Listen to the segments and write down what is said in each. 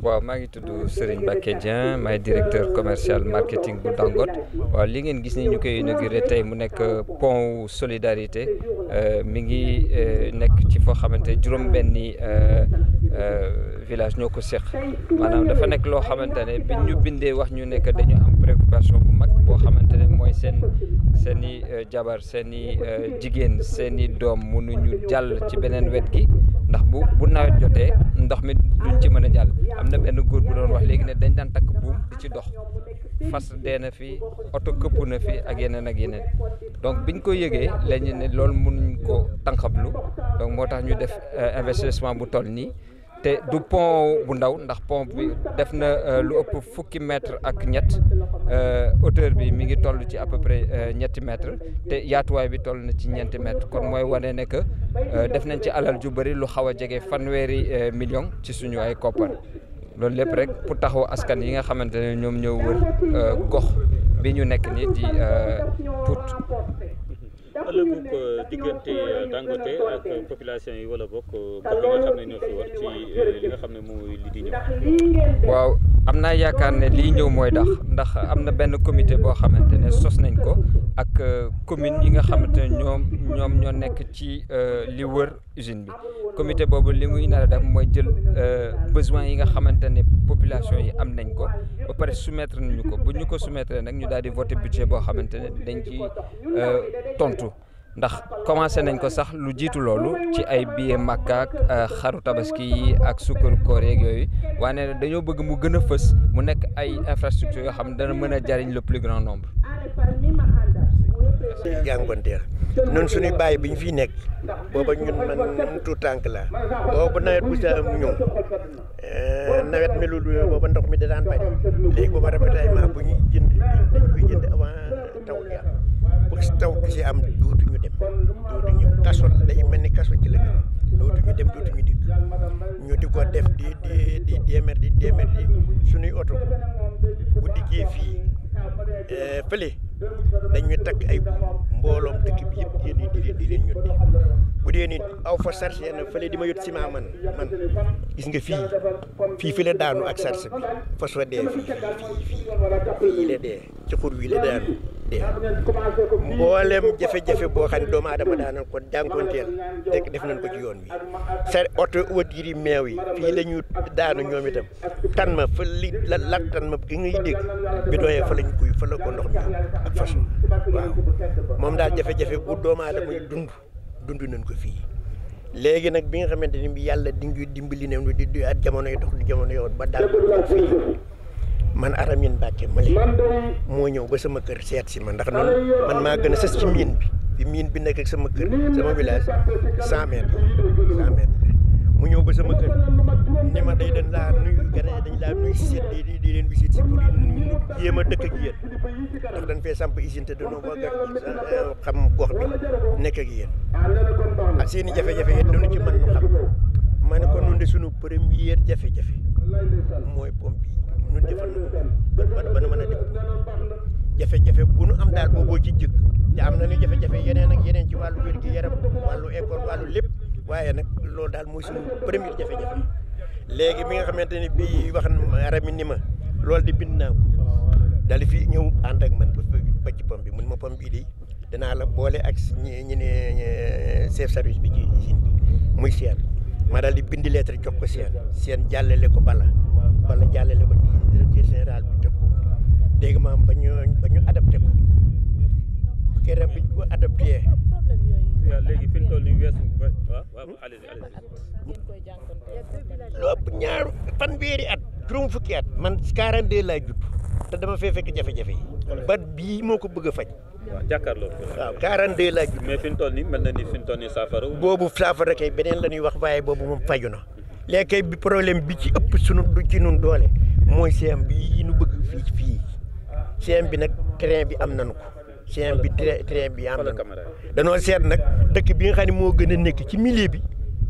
waaw maa ngi tudd Serigne Mbacké Dieng maay directeur commercial marketing bu Dangote waaw li ngeen gis ni ñu koy inauguré tey mu nekk pont solidarité euh, mi ngi euh, nekk ci foo xamante juróom-benni euh, village ñoo ko seq maanaam dafa nekk loo xamante ne bi ñu bindee wax ñu nekk dañu am préoccupation bu mag boo xamante ne mooy seen seen i jabar seeni i jigéen seen i doom mënuñu jàll ci beneen wet gi. ndax bu bu nawet jotee ndox mi duñ ci mën a jàll am na benn góor bu doon wax léegi ne dañ daan takk buum di ci dox fas dee na fi oto këpp na fi ak yeneen ak yeneen donc biñ ko yëgee lañu ne loolu mënuñ ko tànqablu donc moo tax ñu def euh, investissement bu toll nii te du pont bu ndaw ndax pont bi def na euh, lu ëpp fukki metre ak ñett euh, hauteur bi mi ngi toll ci à peu près euh, ñetti mètre te yaatuwaay bi toll na ci ñeenti mètre kon mooy wane ne que def nañ ci alal ju bëri lu xaw a jege fanweeri million ci suñu ay koppar loolu lépp rek pour taxaw askan yi nga xamante ne ñoom ñoo wër gox bi ñu nekk nii di Pout ëllëgu ko euh, diggante euh, Dangote ak population yi wala bokk mbokk euh, yi nga xam ne ñoo fi war ci li nga xam ne mooy li di ñëw. waaw am naa yaakaar ne li ñëw mooy dax ndax am na benn comité boo xamante ne sos nañ ko ak commune yi nga xamante ne ñoom ñoom ñoo nekk ci li wër usine bi comité boobu li muy nar a def mooy jël besoin yi nga xamante ne population yi am nañ ko ba pare soumettre nañu ko bu ñu ko soumettre nag ñu daal di voter budget boo xamante ne dañ ci tontu. ndax commencé nañ ko sax lu jiitu loolu ci ay billet Makka ak euh, xaru tabaski yi ak sukkar koor yooyu yooyu ne dañoo bëgg mu gën a fës mu nekk ay infrastructure yoo xam ne dana mën a jariñ le plus grand nombre. jàngonteel ñun suñuy bàyyi bi ñu fiy nekk booba ñun man ñun tànk la booba nawet bu sa ñëw euh, nawet melul booba ndox mi da daan bañ léegi booba ravitaillement bu ñuy jënd dañ koy jënd avant taw bi si am dem dootu ñu kaso la dañu mel ni kaso ci la gën dootu ñu dem dootu ñu dikk ñu di ko def di di di déeméer di déeméer di suñuy oto bu dikkee fii eh, fële dañuy takk ay mbooloom dëkk bi yëpp yéen di di di bu dee nit aw fa chargé na fële di ma yot ciment ma man gis nga fii fii fi la daanu ak charge bi fas wa dee fii fii fii fii la dee ci xur wi la daanu dee mboolem jafe-jafe boo xam ne doomu aadama daanan ko jànkonteel rek def nañ ko ci yoon wi sa oto wët yi di meew yi fii la ñu daanu ñoom itam tan ma fa li la lat tan ma gi ngay dégg bi doyee fa lañ kuy fa la ko ndox mi ak fas waaw moom daal jafe-jafe bu doomu aadama dund dund nañ ko fii léegi nag bi nga xamante ni bi yàlla di ngi dimbali ne di di ak jamono yi dox di jamono yoon ba daal fii man Aramine Mbacke Mali moo ñëw ba sama kër seet si ma ndax noonu man maa gën a sës ci miin bi fi miin bi nekk ak sama kër sama village ñëw ba sama kër ni ma day dañ laa dañ laa nuyu seet di di di leen si pour yéem dëkk ak dañ fee samp usine te dañoo bëgg a euh, xam gox bi nekk ak yéen ak ah, ah, seen i jafe-jafe yi dañu ci mën nu xam ma ne ko ah. noonu de sunu première jafe-jafe mooy pompe yi nu jëfandiku ba man nu mën a def jafe-jafe bu nu am daal booboo ci jëkk te na nañu jafe-jafe yeneen ak yeneen ci wàllu wér gi yaram wàllu école wàllu lépp waaye nag loolu daal muy suñu premier jafe-jafe léegi mi nga xamante ni bii wax rami ni ma loolu di bind naa ko fi ñëw ànd ak man ba ci pom bi mun ma pom bii di dinaa la boole ak ñi ñi ne chef service bi ci usine bi muy seer ma daal di bind lettre jox ko seen seen jàllale ko bala bala jàllale ko ci directeur général bi jox ko dégg maam ba ñu ba ñu adapté ko keroog bi ñu ko adapté. léegi fi ñu toll nii hmm? at juróom fukki at man 42 laa judd te dama fee fekk jafe-jafe bat bii moo ko bëgg a faj. waaw jàkkaarloo waaw 42 laa judd mais fi mu na ni fi mu boobu saafara kay beneen la ñuy wax waaye boobu moom faju na léegi bi problème bi ci ëpp sunu du ci nun doole mooy CM bi i ñu bëgg fii fii CM bi nag train bi am nañu ko CM bi train bi am nañu ko danoo seet nag dëkk bi nga xam ne moo gën a nekk ci millier bi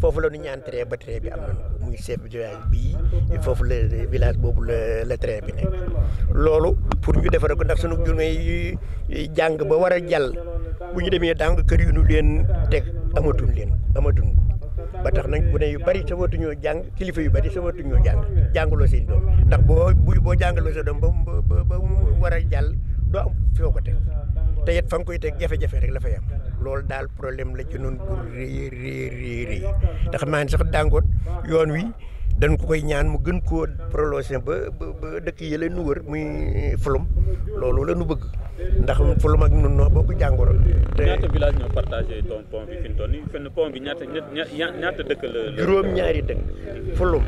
foofu la nit ñi entré ba train bi am na muy chef village bii foofu la village boobu la la bi nekk loolu pour ñu defare ko ndax sunu jur yi jàng ba war a jàll bu ñu demee dàng kër yu nu leen teg amatuñ leen amatuñ ba tax nañ bu ne yu bari sawatuñoo jàng kilifa yu bari sawatuñoo jàng jàngaloo seen doom ndax boo bu boo jàngaloo sa doom ba ba ba mu war a jàll doo am foo ko teg te it fa koy teg jafe-jafe rek la fa am. loolu daal problème la ci noonu bu rëy rëy rëy naa ne sax Dangote yoon wi dañ ko koy ñaan mu gën koo prolongé ba ba dëkk yi la nu wër muy Fulum loolu la nu bëgg ndax Fulum ak nun noo bokk jàngoro. te ñaata village ñoo partagé ton pont bi ñaata ñaata dëkk la. juróom-ñaari dëkk Fulum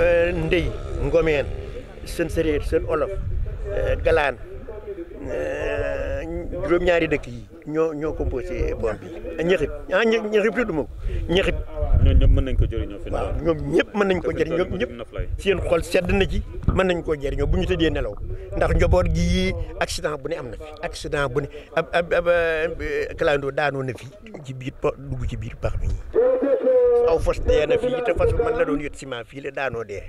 eh, Ndey Ngomeen seen séréer seen olof eh, Galaan. Euh, juróom-ñaari dëkk yi ñoo ñoo composé boor bi ñaxib ah ñaxib tudd ma ko ñaxib. ñoom mën nañ ko jëriñoo fi. waaw ñoom ñëpp mën nañ ko jëriñ ñoom ñëpp seen xol sedd na ci mën nañ koo jëriñoo bu ñu tëddee nelaw ndax njaboot gi accident bu ne am na fi accident bu ne ab ab ab euh, clando daanoo na fi ci biir po dugg ci biir pax bi aw fas dee na fii te fas bu man la doon yot ciment fii la daanoo dee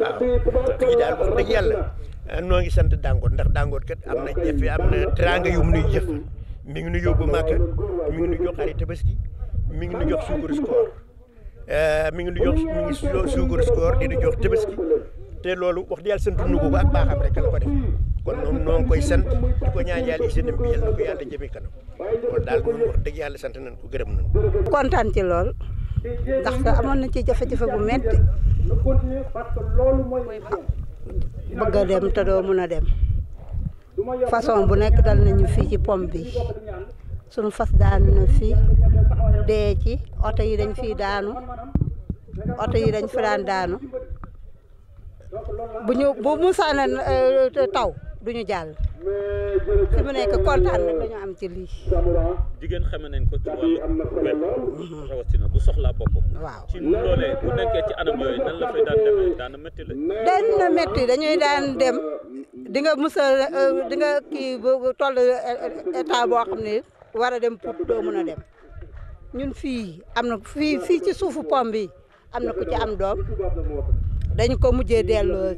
waaw fii daal wax Eh, noo ngi sant Dangote ndax Dangote kat am na jafe am na teraanga yu mu nuy jëf mi ngi nu yóbbu Màkka mi ngi nu jox xari tabaski mi ngi nu jox suukaru koor eh, mi ngi nu jox mi suukaru koor di nu jox tabaski te loolu wax di yàlla sant nu ko ba ak baaxam rek la ko def kon noonu noo koy sant di ko ñaan yàlla isinam bi yàlla ko yàlla jëmee kanam loolu daal dëgg yàlla sant nañ ko gërëm nañ ko kontaan ci lool ndax amoon na ci jafe-jafe bu metti bëgg a dem te doo mën a dem façon bu nekk dal nañu fii ci pom bi sunu fas daanu na fii dee ci oto yi dañ fii daanu oto yi dañ fi daan daanu bu ñu bu musaana euh, taw duñu jàll fi mu nekk kontaan nag euh, dañu am ci lii. jigéen xame nañ ko ci wàllu web mhm. rawatina bu soxlaa boppam. waaw ci loolee la fay daan demee euh, daan na dem di nga euh, di nga kii ba toll boo xam ne war a dem pour doo mën a dem ñun fii am na fii fii ci suufu pom bi am na ku ci am doom dañ ko mujjee delloo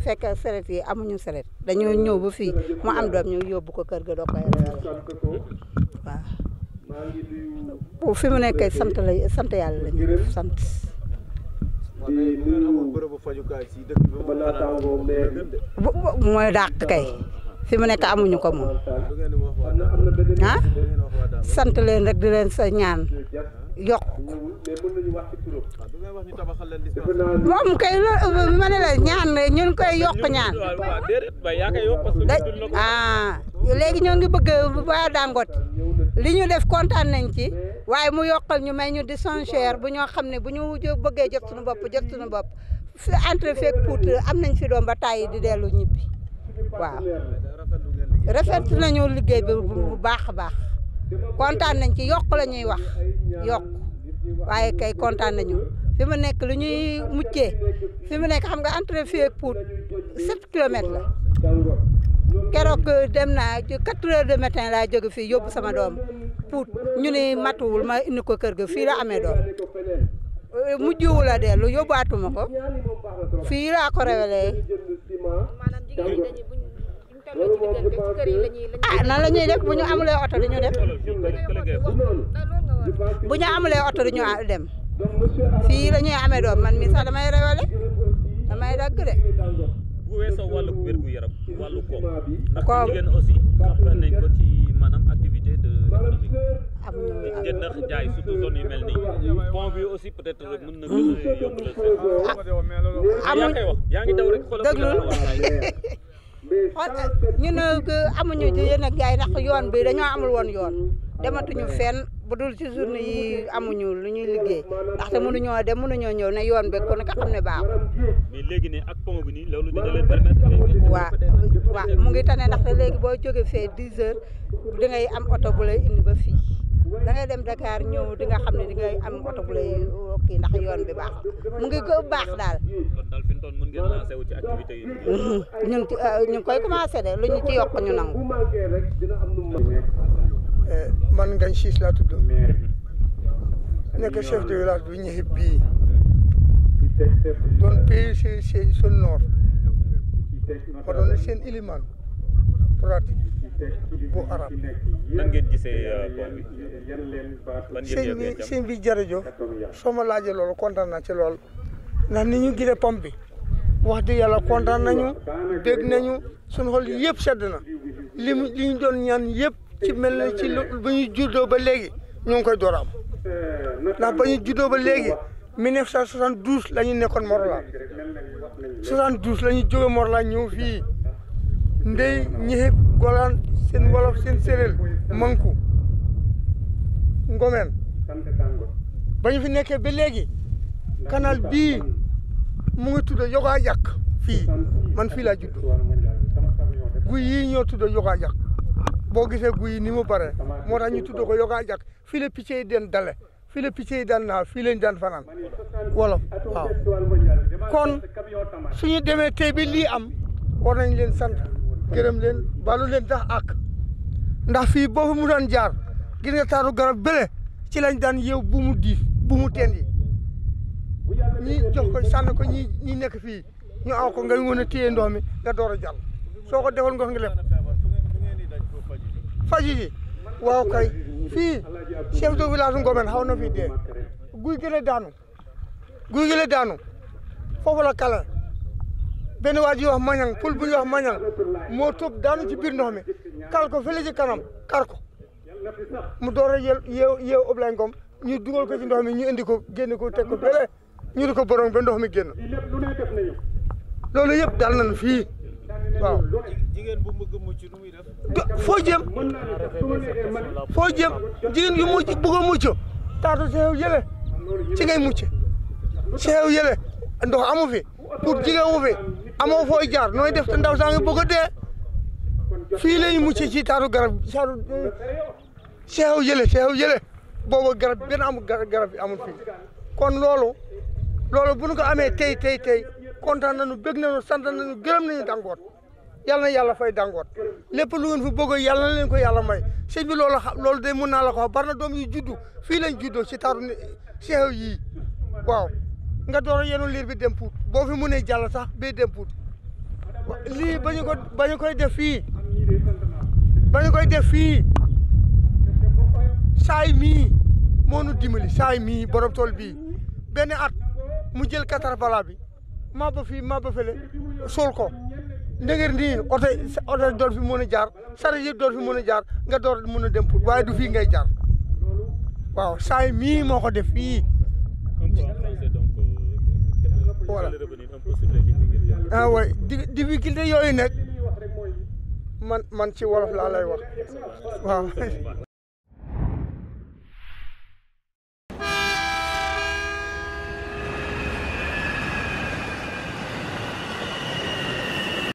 fekk saret yi amuñu saret dañoo ñëw ba fii mu am doom ñu yóbbu ko kër ga doo koy rafetlu waaw fi mu nekk sant la sant yàlla la ñu sant. mooy dàq kay fi mu nekk amuñu ko moom ah sant leen rek di leen sa ñaan. yokk moom kay loolu ma ne la ñaan ñun koy yokk ñaan ah léegi ñoo ngi bëgg waa Dangote li ñu def kontaan nañ ci waaye mu yokkal ñu may ñu di changère bu ñoo xam ne bu ñu bëggee jot suñu bopp jot suñu bopp fi entre feek puut am nañ fi doom ba tàyyi di dellu ñibbi waaw rafet nañu liggéey bi bu baax a baax kontaan nañ ci yokk la ñuy wax yokk waaye kay kontaan nañu fi mu nekk lu ñuy muccee fi mu nekk xam nga entre fii ak Pout sept kilomètres la keroog dem naa quatre heures de matin laa jóge fi yóbbu sama doom Pout ñu ni matuwul ma indi ko kër ga fii la amee doom mujjuwu la dellu yóbbuwaatuma ko fii laa ko révélé ah nan la ñuy def bu ñu amulee oto du ñu dem bu ñu amulee oto du ñu dem fii la ñuy amee doom man mi sax damay rewale damay dagg de. bu weesoo wàllu wér gu yaram wàllu koom ndax jigéen aussi xam nañ ko ci maanaam activité de économique jënd ak jaay surtout zone yu mel nii pont bi aussi peut être mën na gën a yomb la amuñ ah. yaa ngi daw rek xoolal dëglul ñu ne amuñu yéen ak yaay ndax yoon bi dañoo amul woon yoon dematuñu fenn bu dul ci journée yi amuñu lu ñuy liggéey ndaxte mënuñoo dem mënuñoo ñëw ne yoon beeg kon nga xam ne baaxul. mais léegi ne ak pont bi nii loolu dina leen permettre. waaw waaw mu ngi tane ndaxte léegi boo jógee fee 10 heures dangay am oto bu lay indi ba fii. da ngay dem Dakar ñëw di nga xam ne di ngay am oto bu lay kii ndax yoon bi baax mu ngi ko baax daal. kon wu ci activité ñu ngi ci ñu ngi koy commencé de lu ñu ci yokk ñu nangu. man Ngagne Ciss laa tudd nekk chef de village bu ñëxib bii doon pays seen seen nord ma doon seen iliman pratique bu arab nan ngeen gisee pont euh, bi ban sëñ bi sëñ bi jërëjëf soo ma laajee loolu kontaan na ci lool ndax ni ñu gisee pont bi wax dëgg yàlla kontaan nañu dégg nañu suñu xol yëpp sedd na li mu li ñu doon ñaan yëpp ci mel na ci ba ñu juddoo ba léegi ñu ngi koy door am ndax ba ñu juddoo ba léegi 1972 la ñu nekkoon Morolan 72 la ñu jógee Morolan ñëw fii ndey ñëpp. golaan seen wolof seen séeréer manku ngomeen ba ñu fi nekkee ba léegi canal bii mu ngi tudd yogaa yàq fii man fii laa judd guy yii ñoo tudd yogaa yàq boo gisee guy ni mu bare moo tax ñu tudd ko yogaa yàq fii la picc yi den dale fii la yi daan naaw fii lañ daan fanaan wolof waaw kon suñu demee tey bi lii am war nañ leen sant gërëm leen balu leen tax ak ndax fii boobu mu daan jaar gi nga taaru garab bële ci lañ daan yeew bu mu diif bu mu teen yi ñi jox ko sànn ko ñi ñi nekk fii ñu aw ko nga mën a téye ndox mi nga door a jàll soo ko defoon nga fi nga lef faji ji waaw kay fii chef de village Ngomen xaw na fii dee guy gën a daanu guy gën a daanu foofu la kala benn waa ji wax mañang pul bu ñuy wax moo tëb daanu ci biir ndox mi kal ko fële kanam kar ko mu door a yel yeew yeew Ablaye Ngom ñu dugal ko ci ndox mi ñu indi ko génne ko teg ko fële ñu di ko borong be ndox mi génn loolu yëpp dal nañu fii waaw jigéen bu bëgg mucc nu muy def foo jëm foo jëm jigéen yu mucc bëgg a mucc taatu ci xew yële ci ngay mucc ci xew yële ndox amu fi pour jigéen wu fi amoo fooy jaar nooy def ndaw saa ngi bëgg a dee fii la ñu mucc ci taaru garab taatu seexu yële seexu yële booba garab benn amul garab yi amu fii kon loolu loolu bu nu ko amee tey tey tey kontaan nañu bëgg nañu sant nañu gërëm nañu dangoot yàlla na yàlla fay dangoot lépp lu ngeen fi bëgg yàlla leen ko yàlla may sëñ bi loolu de loolu mun naa la ko wax bari na doom yu juddu fii lañ juddoo si taatu seexu yii waaw nga door a yenu liir bi dem Pout boo fi mënee jàll sax bii dem Pout lii ba ko ba ñu koy def fii ba koy def fii saay mii moo nu dimbali saay mii borom tool bii benn at mu jël katar bala bi ma ba fii maa ba fële suul ko ndëgër nii oto oto door fi mën a jaar saret yi door fi mën a jaar nga door mën a dem Pout waaye du fii ngay jaar waaw saay mii moo ko def fii voilà ah waay difficulté yooyu nag man man ci wolof laa lay wax